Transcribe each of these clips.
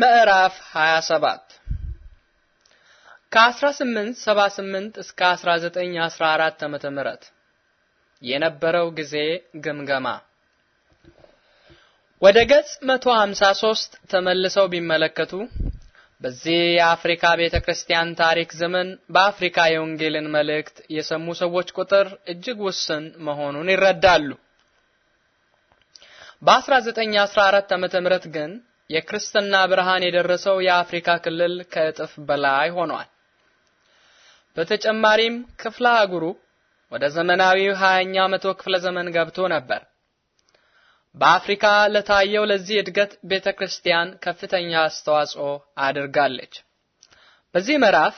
ምዕራፍ 27 ከ1878 እስከ 1914 ዓመተ ምህረት የነበረው ጊዜ ግምገማ ወደ ገጽ 153 ተመልሰው ቢመለከቱ በዚህ የአፍሪካ ቤተ ክርስቲያን ታሪክ ዘመን በአፍሪካ የወንጌልን መልእክት የሰሙ ሰዎች ቁጥር እጅግ ውስን መሆኑን ይረዳሉ። በ1914 ዓመተ ምህረት ግን የክርስትና ብርሃን የደረሰው የአፍሪካ ክልል ከእጥፍ በላይ ሆኗል። በተጨማሪም ክፍለ አህጉሩ ወደ ዘመናዊው 20 ኛ መቶ ክፍለ ዘመን ገብቶ ነበር። በአፍሪካ ለታየው ለዚህ እድገት ቤተክርስቲያን ከፍተኛ አስተዋጽኦ አድርጋለች። በዚህ ምዕራፍ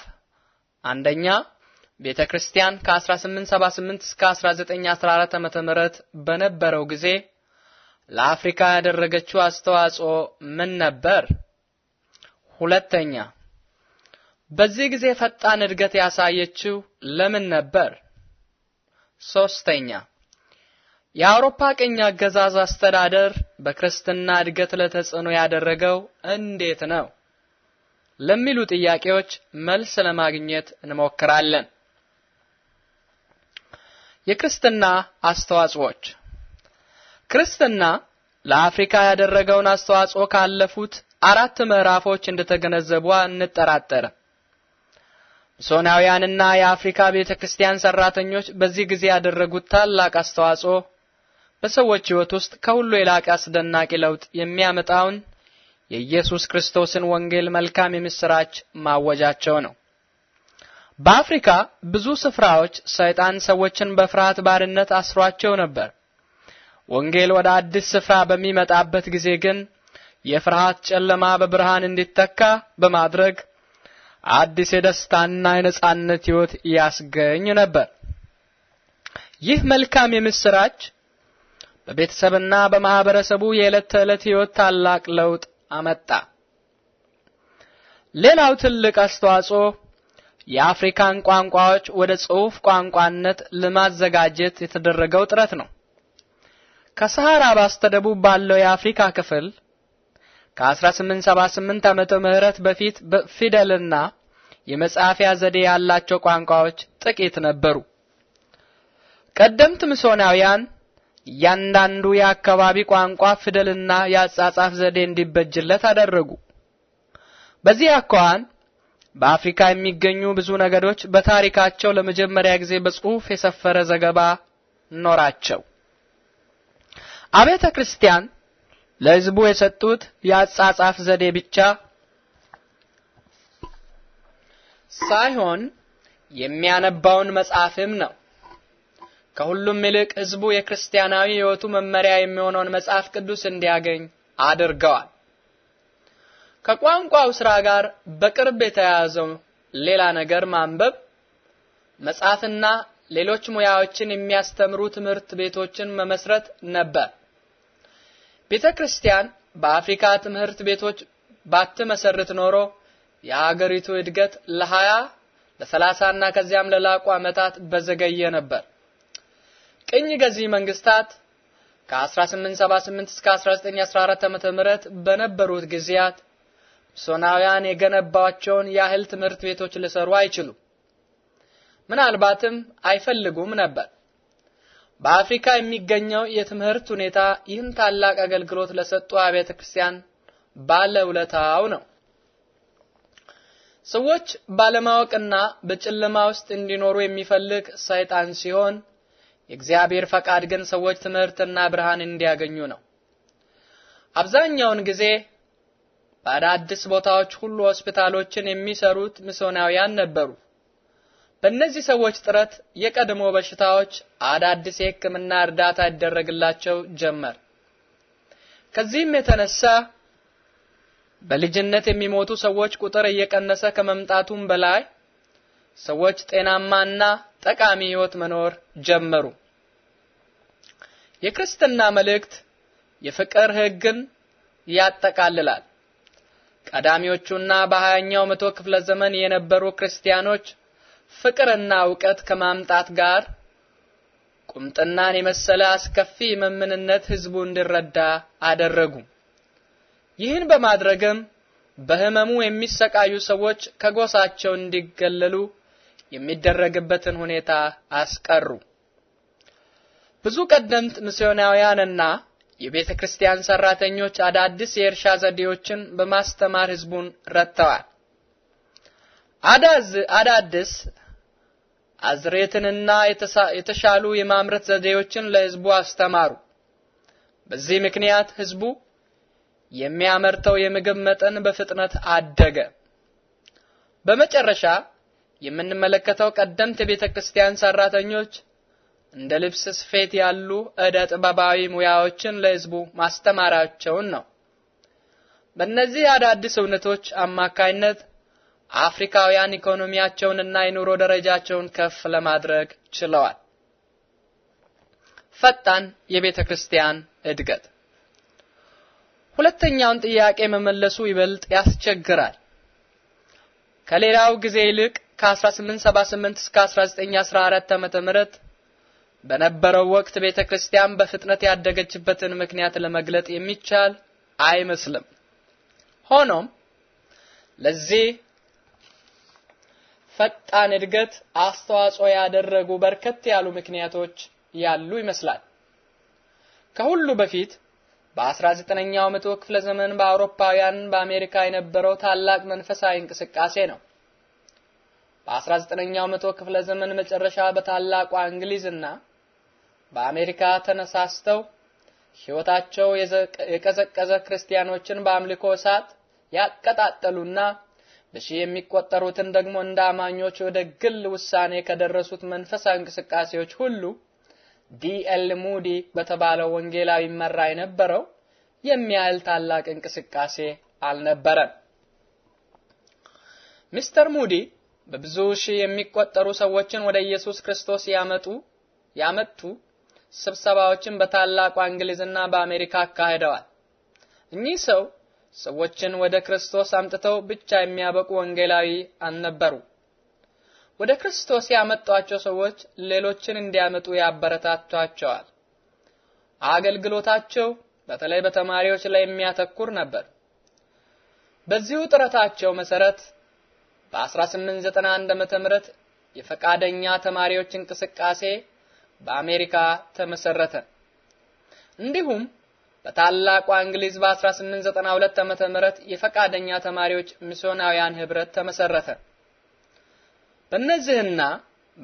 አንደኛ ቤተ ክርስቲያን ከ1878 እስከ 1914 ዓ.ም በነበረው ጊዜ ለአፍሪካ ያደረገችው አስተዋጽኦ ምን ነበር? ሁለተኛ በዚህ ጊዜ ፈጣን እድገት ያሳየችው ለምን ነበር? ሶስተኛ የአውሮፓ ቅኝ አገዛዝ አስተዳደር በክርስትና እድገት ለተጽዕኖ ያደረገው እንዴት ነው? ለሚሉ ጥያቄዎች መልስ ለማግኘት እንሞክራለን። የክርስትና አስተዋጽኦች ክርስትና ለአፍሪካ ያደረገውን አስተዋጽኦ ካለፉት አራት ምዕራፎች እንደተገነዘቡ እንጠራጠርም። ሶናውያንና የአፍሪካ ቤተክርስቲያን ሰራተኞች በዚህ ጊዜ ያደረጉት ታላቅ አስተዋጽኦ በሰዎች ሕይወት ውስጥ ከሁሉ የላቀ አስደናቂ ለውጥ የሚያመጣውን የኢየሱስ ክርስቶስን ወንጌል መልካም የምስራች ማወጃቸው ነው። በአፍሪካ ብዙ ስፍራዎች ሰይጣን ሰዎችን በፍርሃት ባርነት አስሯቸው ነበር። ወንጌል ወደ አዲስ ስፍራ በሚመጣበት ጊዜ ግን የፍርሃት ጨለማ በብርሃን እንዲተካ በማድረግ አዲስ የደስታና የነጻነት ሕይወት ያስገኝ ነበር። ይህ መልካም የምስራች በቤተሰብና በማህበረሰቡ የዕለት ተዕለት ሕይወት ታላቅ ለውጥ አመጣ። ሌላው ትልቅ አስተዋጽኦ የአፍሪካን ቋንቋዎች ወደ ጽሑፍ ቋንቋነት ለማዘጋጀት የተደረገው ጥረት ነው። ከሰሐራ በስተደቡብ ባለው የአፍሪካ ክፍል ከ1878 ዓመተ ምህረት በፊት በፊደልና የመጻፊያ ዘዴ ያላቸው ቋንቋዎች ጥቂት ነበሩ። ቀደምት ምሶናውያን እያንዳንዱ የአካባቢ ቋንቋ ፊደልና የአጻጻፍ ዘዴ እንዲበጅለት አደረጉ። በዚህ አኳኋን በአፍሪካ የሚገኙ ብዙ ነገዶች በታሪካቸው ለመጀመሪያ ጊዜ በጽሑፍ የሰፈረ ዘገባ ኖራቸው። አብያተ ክርስቲያን ለሕዝቡ የሰጡት የአጻጻፍ ዘዴ ብቻ ሳይሆን የሚያነባውን መጽሐፍም ነው። ከሁሉም ይልቅ ሕዝቡ የክርስቲያናዊ ሕይወቱ መመሪያ የሚሆነውን መጽሐፍ ቅዱስ እንዲያገኝ አድርገዋል። ከቋንቋው ስራ ጋር በቅርብ የተያያዘው ሌላ ነገር ማንበብ መጻፍና ሌሎች ሙያዎችን የሚያስተምሩ ትምህርት ቤቶችን መመስረት ነበር። ቤተ ክርስቲያን በአፍሪካ ትምህርት ቤቶች ባትመሰርት ኖሮ የሀገሪቱ እድገት ለሀያ ለሰላሳና ከዚያም ለላቁ ዓመታት በዘገየ ነበር። ቅኝ ገዢ መንግስታት ከ1878 እስከ 1914 ዓ.ም በነበሩት ጊዜያት ሶናውያን የገነባቸውን ያህል ትምህርት ቤቶች ሊሰሩ አይችሉም። ምናልባትም አይፈልጉም ነበር። በአፍሪካ የሚገኘው የትምህርት ሁኔታ ይህን ታላቅ አገልግሎት ለሰጡ አብያተ ክርስቲያን ባለውለታው ነው። ሰዎች ባለማወቅና በጨለማ ውስጥ እንዲኖሩ የሚፈልግ ሰይጣን ሲሆን የእግዚአብሔር ፈቃድ ግን ሰዎች ትምህርትና ብርሃን እንዲያገኙ ነው። አብዛኛውን ጊዜ በአዳዲስ ቦታዎች ሁሉ ሆስፒታሎችን የሚሰሩት ምሶናውያን ነበሩ። በእነዚህ ሰዎች ጥረት የቀድሞ በሽታዎች አዳዲስ የሕክምና እርዳታ ይደረግላቸው ጀመር። ከዚህም የተነሳ በልጅነት የሚሞቱ ሰዎች ቁጥር እየቀነሰ ከመምጣቱም በላይ ሰዎች ጤናማና ጠቃሚ ሕይወት መኖር ጀመሩ። የክርስትና መልእክት የፍቅር ሕግን ያጠቃልላል። ቀዳሚዎቹና በሃያኛው መቶ ክፍለ ዘመን የነበሩ ክርስቲያኖች ፍቅርና እውቀት ከማምጣት ጋር ቁምጥናን የመሰለ አስከፊ መምንነት ህዝቡ እንዲረዳ አደረጉ። ይህን በማድረግም በህመሙ የሚሰቃዩ ሰዎች ከጎሳቸው እንዲገለሉ የሚደረግበትን ሁኔታ አስቀሩ። ብዙ ቀደምት ምስዮናውያንና የቤተ ክርስቲያን ሰራተኞች አዳዲስ የእርሻ ዘዴዎችን በማስተማር ህዝቡን ረድተዋል። አዳዝ አዳዲስ አዝሬትንና የተሻሉ የማምረት ዘዴዎችን ለህዝቡ አስተማሩ። በዚህ ምክንያት ህዝቡ የሚያመርተው የምግብ መጠን በፍጥነት አደገ። በመጨረሻ የምንመለከተው ቀደምት የቤተ ክርስቲያን ሰራተኞች እንደ ልብስ ስፌት ያሉ እደ ጥበባዊ ሙያዎችን ለህዝቡ ማስተማራቸውን ነው። በእነዚህ አዳዲስ እውነቶች አማካይነት አፍሪካውያን ኢኮኖሚያቸውንና የኑሮ ደረጃቸውን ከፍ ለማድረግ ችለዋል። ፈጣን የቤተ ክርስቲያን እድገት። ሁለተኛውን ጥያቄ መመለሱ ይበልጥ ያስቸግራል። ከሌላው ጊዜ ይልቅ ከ1878 እስከ 1914 ዓ.ም ምረት በነበረው ወቅት ቤተ ክርስቲያን በፍጥነት ያደገችበትን ምክንያት ለመግለጥ የሚቻል አይመስልም። ሆኖም ለዚህ ፈጣን እድገት አስተዋጽኦ ያደረጉ በርከት ያሉ ምክንያቶች ያሉ ይመስላል። ከሁሉ በፊት በ19ኛው መቶ ክፍለ ዘመን በአውሮፓውያን በአሜሪካ የነበረው ታላቅ መንፈሳዊ እንቅስቃሴ ነው። በ19ኛው መቶ ክፍለ ዘመን መጨረሻ በታላቋ እንግሊዝና በአሜሪካ ተነሳስተው ሕይወታቸው የቀዘቀዘ ክርስቲያኖችን በአምልኮ እሳት ያቀጣጠሉና በሺ የሚቆጠሩትን ደግሞ እንደ አማኞች ወደ ግል ውሳኔ ከደረሱት መንፈሳዊ እንቅስቃሴዎች ሁሉ ዲኤል ሙዲ በተባለው ወንጌላዊ መራ የነበረው የሚያህል ታላቅ እንቅስቃሴ አልነበረም። ሚስተር ሙዲ በብዙ ሺህ የሚቆጠሩ ሰዎችን ወደ ኢየሱስ ክርስቶስ ያመጡ ያመጡ ስብሰባዎችን በታላቋ እንግሊዝና በአሜሪካ አካሂደዋል። እኚህ ሰው ሰዎችን ወደ ክርስቶስ አምጥተው ብቻ የሚያበቁ ወንጌላዊ አልነበሩ። ወደ ክርስቶስ ያመጧቸው ሰዎች ሌሎችን እንዲያመጡ ያበረታቷቸዋል። አገልግሎታቸው በተለይ በተማሪዎች ላይ የሚያተኩር ነበር። በዚሁ ጥረታቸው መሰረት በ1891 ዓመተ ምህረት የፈቃደኛ ተማሪዎች እንቅስቃሴ በአሜሪካ ተመሰረተ። እንዲሁም በታላቋ እንግሊዝ በ1892 ዓመተ ምህረት የፈቃደኛ ተማሪዎች ሚስዮናውያን ህብረት ተመሰረተ። በእነዚህና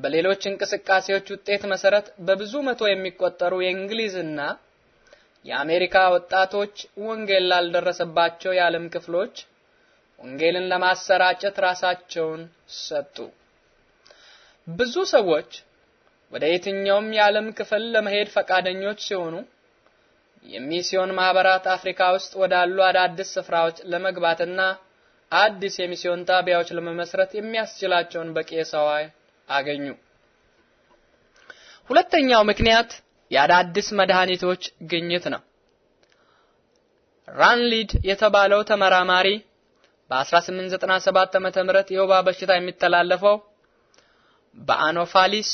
በሌሎች እንቅስቃሴዎች ውጤት መሰረት በብዙ መቶ የሚቆጠሩ የእንግሊዝና የአሜሪካ ወጣቶች ወንጌል ላልደረሰባቸው የዓለም ክፍሎች ወንጌልን ለማሰራጨት ራሳቸውን ሰጡ። ብዙ ሰዎች ወደ የትኛውም የዓለም ክፍል ለመሄድ ፈቃደኞች ሲሆኑ የሚስዮን ማህበራት አፍሪካ ውስጥ ወዳሉ አዳዲስ ስፍራዎች ለመግባትና አዲስ የሚስዮን ጣቢያዎች ለመመስረት የሚያስችላቸውን በቂ አገኙ። ሁለተኛው ምክንያት የአዳዲስ መድኃኒቶች ግኝት ነው። ራንሊድ የተባለው ተመራማሪ በ1897 ዓ.ም የወባ በሽታ የሚተላለፈው በአኖፋሊስ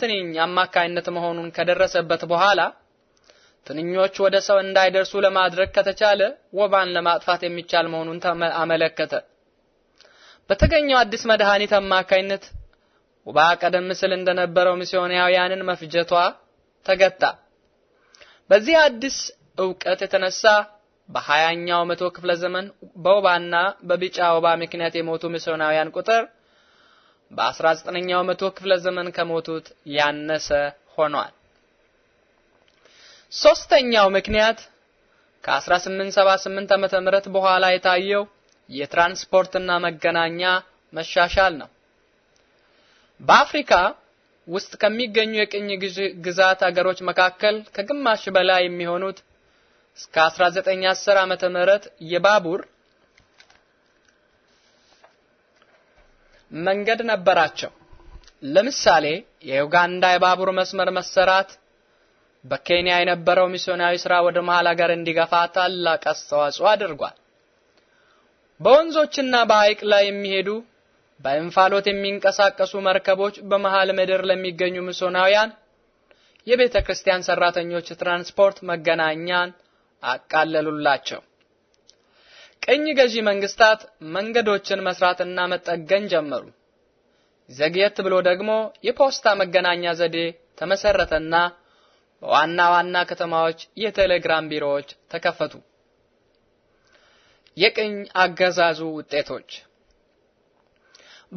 ትንኝ አማካይነት መሆኑን ከደረሰበት በኋላ ትንኞች ወደ ሰው እንዳይደርሱ ለማድረግ ከተቻለ ወባን ለማጥፋት የሚቻል መሆኑን አመለከተ። በተገኘው አዲስ መድኃኒት አማካይነት ወባ ቀደም ሲል እንደነበረው ሚስዮናውያንን መፍጀቷ ተገታ። በዚህ አዲስ እውቀት የተነሳ በሀያኛው መቶ ክፍለ ዘመን በወባና በቢጫ ወባ ምክንያት የሞቱ ሚስዮናውያን ቁጥር በ19ኛው መቶ ክፍለ ዘመን ከሞቱት ያነሰ ሆኗል። ሶስተኛው ምክንያት ከ1878 ዓመተ ምህረት በኋላ የታየው የትራንስፖርትና መገናኛ መሻሻል ነው። በአፍሪካ ውስጥ ከሚገኙ የቅኝ ግዛት አገሮች መካከል ከግማሽ በላይ የሚሆኑት እስከ 1910 ዓመተ ምህረት የባቡር መንገድ ነበራቸው። ለምሳሌ የዩጋንዳ የባቡር መስመር መሰራት በኬንያ የነበረው ሚስዮናዊ ስራ ወደ መሃል አገር እንዲገፋ ታላቅ አስተዋጽኦ አድርጓል። በወንዞችና በሐይቅ ላይ የሚሄዱ በእንፋሎት የሚንቀሳቀሱ መርከቦች በመሃል ምድር ለሚገኙ ሚስዮናውያን የቤተ ክርስቲያን ሰራተኞች ትራንስፖርት መገናኛን አቃለሉላቸው። ቅኝ ገዢ መንግስታት መንገዶችን መስራትና መጠገን ጀመሩ። ዘግየት ብሎ ደግሞ የፖስታ መገናኛ ዘዴ ተመሰረተና በዋና ዋና ከተማዎች የቴሌግራም ቢሮዎች ተከፈቱ። የቅኝ አገዛዙ ውጤቶች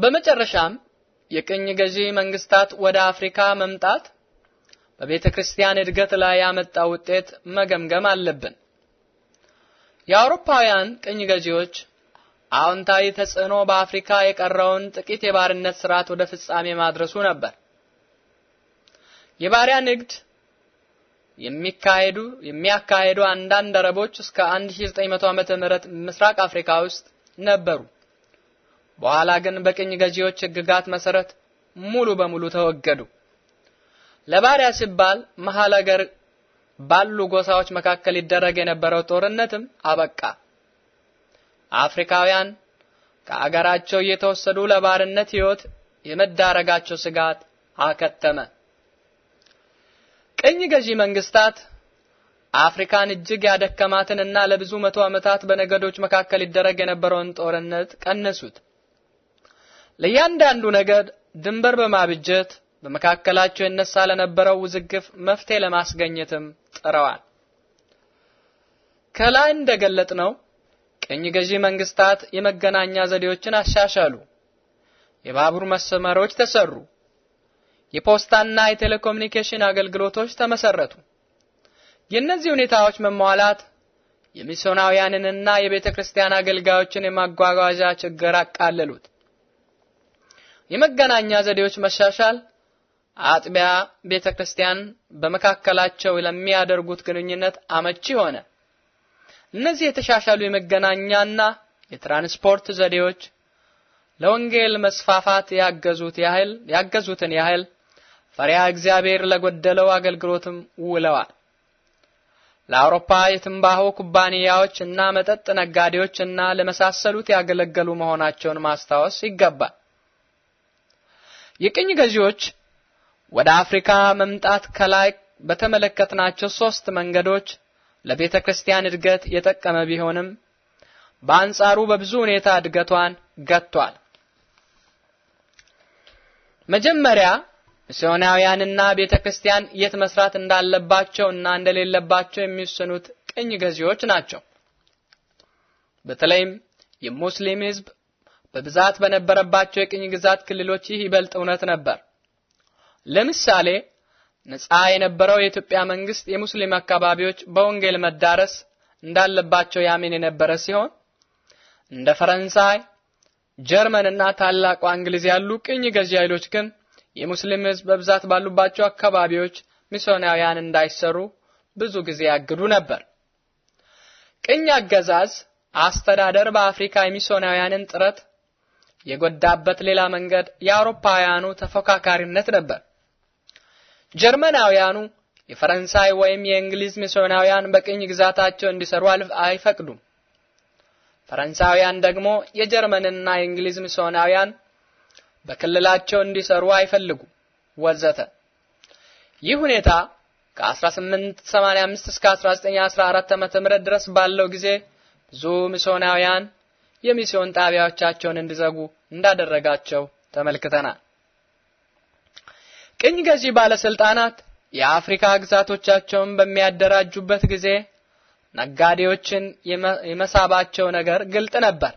በመጨረሻም የቅኝ ገዢ መንግስታት ወደ አፍሪካ መምጣት በቤተ ክርስቲያን እድገት ላይ ያመጣ ውጤት መገምገም አለብን። የአውሮፓውያን ቅኝ ገዢዎች አዎንታዊ ተጽዕኖ በአፍሪካ የቀረውን ጥቂት የባርነት ስርዓት ወደ ፍጻሜ ማድረሱ ነበር። የባሪያ ንግድ የሚካሄዱ የሚያካሄዱ አንዳንድ አረቦች እስከ 1900 ዓመተ ምህረት ምስራቅ አፍሪካ ውስጥ ነበሩ። በኋላ ግን በቅኝ ገዢዎች ህግጋት መሰረት ሙሉ በሙሉ ተወገዱ። ለባሪያ ሲባል መሀል ባሉ ጎሳዎች መካከል ይደረግ የነበረው ጦርነትም አበቃ። አፍሪካውያን ከአገራቸው እየተወሰዱ ለባርነት ህይወት የመዳረጋቸው ስጋት አከተመ። ቅኝ ገዢ መንግስታት አፍሪካን እጅግ ያደከማትንና ለብዙ መቶ ዓመታት በነገዶች መካከል ይደረግ የነበረውን ጦርነት ቀነሱት። ለእያንዳንዱ ነገድ ድንበር በማብጀት በመካከላቸው የነሳ ለነበረው ውዝግፍ መፍትሄ ለማስገኘትም ጥረዋል። ከላይ ነው። ቅኝ ገዢ መንግስታት የመገናኛ ዘዴዎችን አሻሻሉ፣ የባቡር መስመሮች ተሰሩ፣ የፖስታና የቴሌኮሙኒኬሽን አገልግሎቶች ተመሰረቱ። የእነዚህ ሁኔታዎች መሟላት የሚስዮናውያንንና የቤተ ክርስቲያን አገልጋዮችን የማጓጓዣ ችግር አቃለሉት። የመገናኛ ዘዴዎች መሻሻል አጥቢያ ቤተ ክርስቲያን በመካከላቸው ለሚያደርጉት ግንኙነት አመቺ ሆነ። እነዚህ የተሻሻሉ የመገናኛና የትራንስፖርት ዘዴዎች ለወንጌል መስፋፋት ያገዙት ያህል ያገዙትን ያህል ፈሪያ እግዚአብሔር ለጎደለው አገልግሎትም ውለዋል። ለአውሮፓ የትንባሆ ኩባንያዎች እና መጠጥ ነጋዴዎች እና ለመሳሰሉት ያገለገሉ መሆናቸውን ማስታወስ ይገባል። የቅኝ ገዢዎች ወደ አፍሪካ መምጣት ከላይ በተመለከትናቸው ሶስት መንገዶች ለቤተ ክርስቲያን እድገት የጠቀመ ቢሆንም በአንጻሩ በብዙ ሁኔታ እድገቷን ገጥቷል። መጀመሪያ እስዮናውያንና ቤተ ክርስቲያን የት መስራት እንዳለባቸው እና እንደሌለባቸው የሚወስኑት ቅኝ ገዢዎች ናቸው። በተለይም የሙስሊም ሕዝብ በብዛት በነበረባቸው የቅኝ ግዛት ክልሎች ይህ ይበልጥ እውነት ነበር። ለምሳሌ ነጻ የነበረው የኢትዮጵያ መንግስት የሙስሊም አካባቢዎች በወንጌል መዳረስ እንዳለባቸው ያምን የነበረ ሲሆን እንደ ፈረንሳይ፣ ጀርመንና ታላቋ እንግሊዝ ያሉ ቅኝ ገዢ ኃይሎች ግን የሙስሊም ህዝብ በብዛት ባሉባቸው አካባቢዎች ሚስዮናውያን እንዳይሰሩ ብዙ ጊዜ ያግዱ ነበር። ቅኝ አገዛዝ አስተዳደር በአፍሪካ የሚስዮናውያንን ጥረት የጎዳበት ሌላ መንገድ የአውሮፓውያኑ ተፎካካሪነት ነበር። ጀርመናውያኑ የፈረንሳይ ወይም የእንግሊዝ ሚስዮናውያን በቅኝ ግዛታቸው እንዲሰሩ አይፈቅዱም። ፈረንሳውያን ደግሞ የጀርመንና የእንግሊዝ ሚስዮናውያን በክልላቸው እንዲሰሩ አይፈልጉም ወዘተ። ይህ ሁኔታ ከ1885 እስከ 1914 ዓመተ ምህረት ድረስ ባለው ጊዜ ብዙ ሚስዮናውያን የሚስዮን ጣቢያዎቻቸውን እንዲዘጉ እንዳደረጋቸው ተመልክተናል። ቅኝ ገዢ ባለስልጣናት የአፍሪካ ግዛቶቻቸውን በሚያደራጁበት ጊዜ ነጋዴዎችን የመሳባቸው ነገር ግልጥ ነበር።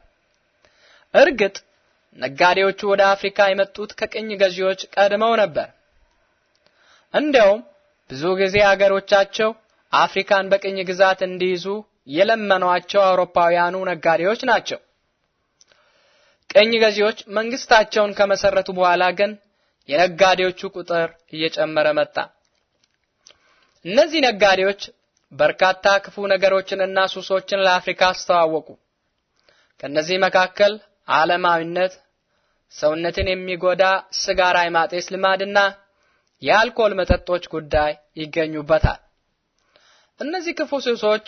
እርግጥ ነጋዴዎቹ ወደ አፍሪካ የመጡት ከቅኝ ገዢዎች ቀድመው ነበር። እንዲያውም ብዙ ጊዜ አገሮቻቸው አፍሪካን በቅኝ ግዛት እንዲይዙ የለመኗቸው አውሮፓውያኑ ነጋዴዎች ናቸው። ቅኝ ገዢዎች መንግስታቸውን ከመሰረቱ በኋላ ግን የነጋዴዎቹ ቁጥር እየጨመረ መጣ። እነዚህ ነጋዴዎች በርካታ ክፉ ነገሮችንና ሱሶችን ለአፍሪካ አስተዋወቁ። ከነዚህ መካከል ዓለማዊነት፣ ሰውነትን የሚጎዳ ስጋራ የማጤስ ልማድና የአልኮል መጠጦች ጉዳይ ይገኙበታል። እነዚህ ክፉ ሱሶች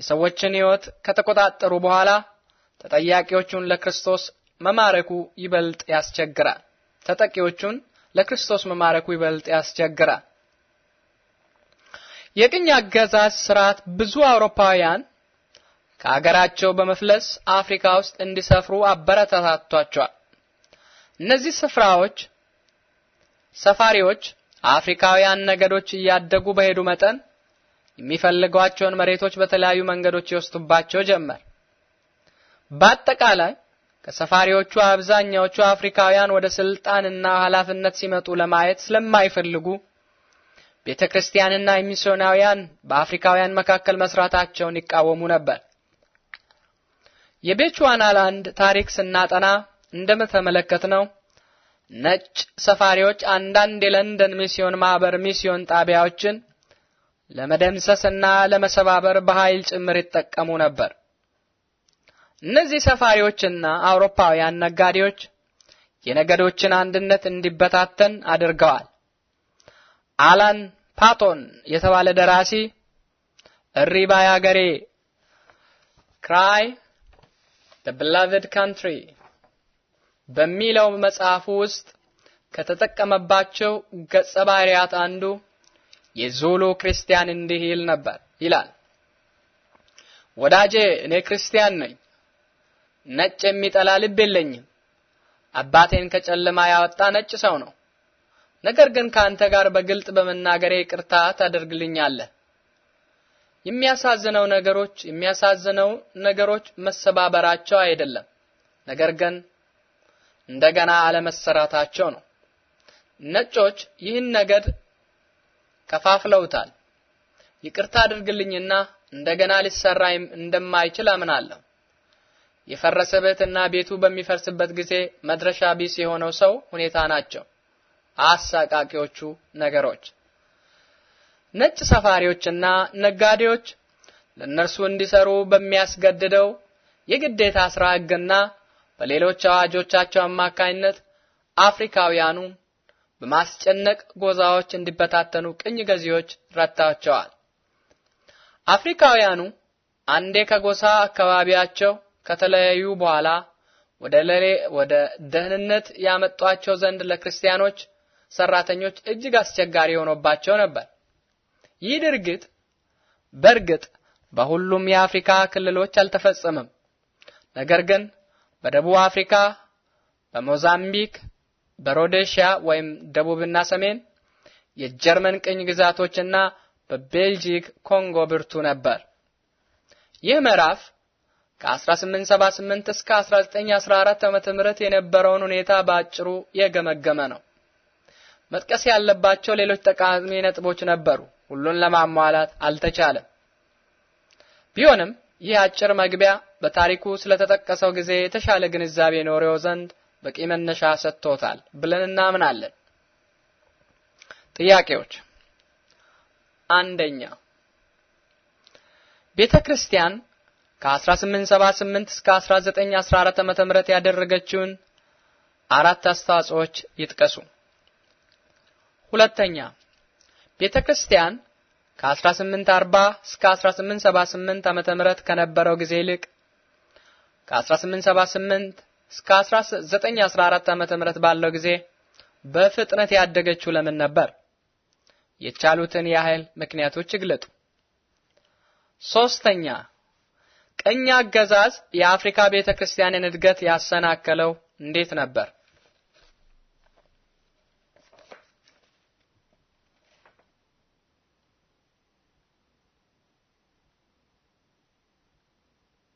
የሰዎችን ሕይወት ከተቆጣጠሩ በኋላ ተጠያቂዎቹን ለክርስቶስ መማረኩ ይበልጥ ያስቸግራል። ተጠቂዎቹን ለክርስቶስ መማረኩ ይበልጥ ያስቸግራል። የቅኝ አገዛዝ ስርዓት ብዙ አውሮፓውያን ከሀገራቸው በመፍለስ አፍሪካ ውስጥ እንዲሰፍሩ አበረታታቷቸዋል። እነዚህ ስፍራዎች ሰፋሪዎች አፍሪካውያን ነገዶች እያደጉ በሄዱ መጠን የሚፈልጓቸውን መሬቶች በተለያዩ መንገዶች ይወስዱባቸው ጀመር። በአጠቃላይ ከሰፋሪዎቹ አብዛኛዎቹ አፍሪካውያን ወደ ስልጣንና ኃላፊነት ሲመጡ ለማየት ስለማይፈልጉ ቤተ ክርስቲያንና ሚስዮናውያን በአፍሪካውያን መካከል መስራታቸውን ይቃወሙ ነበር። የቤቹዋናላንድ ታሪክ ስናጠና ነው! ነጭ ሰፋሪዎች አንዳንድ የለንደን ሚስዮን ማህበር ሚስዮን ጣቢያዎችን ለመደምሰስና ለመሰባበር በኃይል ጭምር ይጠቀሙ ነበር። እነዚህ ሰፋሪዎችና አውሮፓውያን ነጋዴዎች የነገዶችን አንድነት እንዲበታተን አድርገዋል። አላን ፓቶን የተባለ ደራሲ እሪ ባይ አገሬ ክራይ ዘ ብላቭድ ካንትሪ በሚለው መጽሐፉ ውስጥ ከተጠቀመባቸው ገጸ አንዱ የዞሎ ክርስቲያን እንዲህ ይል ነበር ይላል። ወዳጄ እኔ ክርስቲያን ነኝ። ነጭ የሚጠላ ልብ የለኝም። አባቴን ከጨለማ ያወጣ ነጭ ሰው ነው። ነገር ግን ከአንተ ጋር በግልጥ በመናገሬ ይቅርታ ታደርግልኛለህ። የሚያሳዝነው ነገሮች የሚያሳዝነው ነገሮች መሰባበራቸው አይደለም ነገር ግን እንደገና አለመሰራታቸው ነው። ነጮች ይህን ነገድ ከፋፍለውታል። ይቅርታ አድርግልኝና እንደገና ሊሰራ እንደማይችል አምናለሁ። የፈረሰ ቤቱ በሚፈርስበት ጊዜ መድረሻ ቢስ የሆነው ሰው ሁኔታ ናቸው አሳቃቂዎቹ ነገሮች። ነጭ ሰፋሪዎችና ነጋዴዎች ለእነርሱ እንዲሰሩ በሚያስገድደው የግዴታ ስራ ህግና በሌሎች አዋጆቻቸው አማካይነት አፍሪካውያኑ በማስጨነቅ ጎዛዎች እንዲበታተኑ ቅኝ ገዢዎች ረታቸዋል። አፍሪካውያኑ አንዴ ከጎሳ አካባቢያቸው ከተለያዩ በኋላ ወደ ለሌ ወደ ደህንነት ያመጧቸው ዘንድ ለክርስቲያኖች ሰራተኞች እጅግ አስቸጋሪ ሆኖባቸው ነበር። ይህ ድርጊት በእርግጥ በሁሉም የአፍሪካ ክልሎች አልተፈጸመም። ነገር ግን በደቡብ አፍሪካ፣ በሞዛምቢክ፣ በሮዴሺያ ወይም ደቡብና ሰሜን የጀርመን ቅኝ ግዛቶችና በቤልጂክ ኮንጎ ብርቱ ነበር። ይህ ምዕራፍ ከ1878 እስከ 1914 ዓመተ ምህረት የነበረውን ሁኔታ በአጭሩ የገመገመ ነው። መጥቀስ ያለባቸው ሌሎች ጠቃሚ ነጥቦች ነበሩ። ሁሉን ለማሟላት አልተቻለም። ቢሆንም ይህ አጭር መግቢያ በታሪኩ ስለተጠቀሰው ጊዜ የተሻለ ግንዛቤ ኖረው ዘንድ በቂ መነሻ ሰጥቶታል ብለን እናምናለን። ጥያቄዎች አንደኛ ቤተ ክርስቲያን ከ1878 እስከ 1914 ዓመተ ምህረት ያደረገችውን አራት አስተዋጽኦዎች ይጥቀሱ። ሁለተኛ ቤተ ክርስቲያን ከ1840 እስከ 1878 ዓመተ ምህረት ከነበረው ጊዜ ይልቅ ከ1878 እስከ 1914 ዓመተ ምህረት ባለው ጊዜ በፍጥነት ያደገችው ለምን ነበር? የቻሉትን ያህል ምክንያቶች ይግለጡ። ሶስተኛ ቀኝ አገዛዝ የአፍሪካ ቤተክርስቲያንን እድገት ያሰናከለው እንዴት ነበር?